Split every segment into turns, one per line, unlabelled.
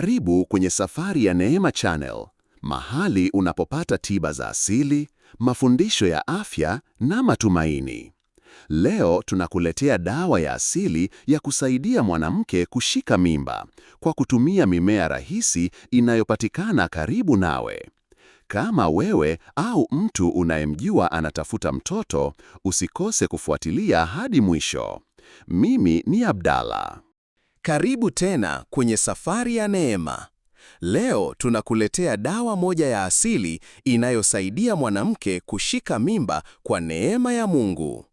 Karibu kwenye safari ya Neema Channel, mahali unapopata tiba za asili, mafundisho ya afya na matumaini. Leo tunakuletea dawa ya asili ya kusaidia mwanamke kushika mimba kwa kutumia mimea rahisi inayopatikana karibu nawe. Kama wewe au mtu unayemjua anatafuta mtoto, usikose kufuatilia hadi mwisho. Mimi ni Abdalla. Karibu tena kwenye Safari ya Neema. Leo tunakuletea dawa moja ya asili inayosaidia mwanamke kushika mimba kwa neema ya Mungu.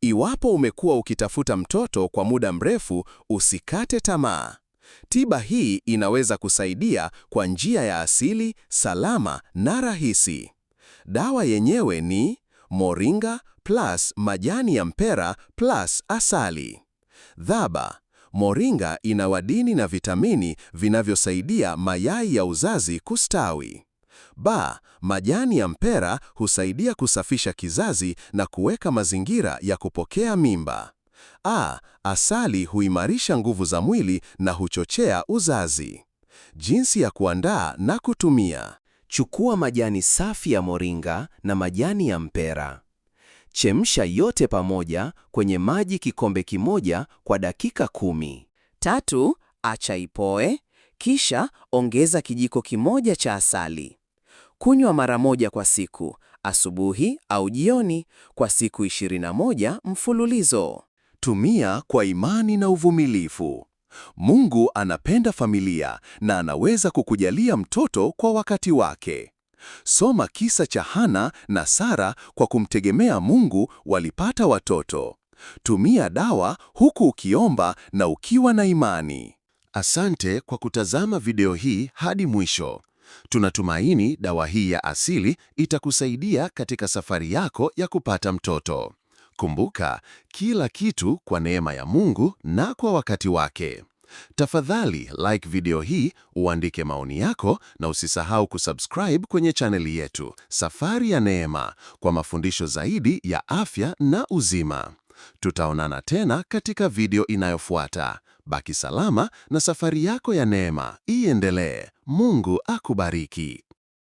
Iwapo umekuwa ukitafuta mtoto kwa muda mrefu, usikate tamaa. Tiba hii inaweza kusaidia kwa njia ya asili, salama na rahisi. Dawa yenyewe ni moringa plus majani ya mpera plus asali. Dhaba, Moringa ina wadini na vitamini vinavyosaidia mayai ya uzazi kustawi. Ba, majani ya mpera husaidia kusafisha kizazi na kuweka mazingira ya kupokea mimba. A, asali huimarisha nguvu za mwili na huchochea uzazi. Jinsi ya kuandaa na kutumia. Chukua majani safi ya moringa na majani ya mpera. Chemsha yote pamoja kwenye maji kikombe kimoja kwa dakika kumi.
Tatu, acha ipoe, kisha ongeza kijiko kimoja cha asali. Kunywa mara moja kwa siku, asubuhi au jioni, kwa siku 21 mfululizo.
Tumia kwa imani na uvumilifu. Mungu anapenda familia na anaweza kukujalia mtoto kwa wakati wake. Soma kisa cha Hana na Sara. Kwa kumtegemea Mungu walipata watoto. Tumia dawa huku ukiomba na ukiwa na imani. Asante kwa kutazama video hii hadi mwisho. Tunatumaini dawa hii ya asili itakusaidia katika safari yako ya kupata mtoto. Kumbuka, kila kitu kwa neema ya Mungu na kwa wakati wake. Tafadhali like video hii, uandike maoni yako na usisahau kusubscribe kwenye chaneli yetu Safari ya Neema kwa mafundisho zaidi ya afya na uzima. Tutaonana tena katika video inayofuata. Baki salama na safari yako ya neema iendelee. Mungu akubariki.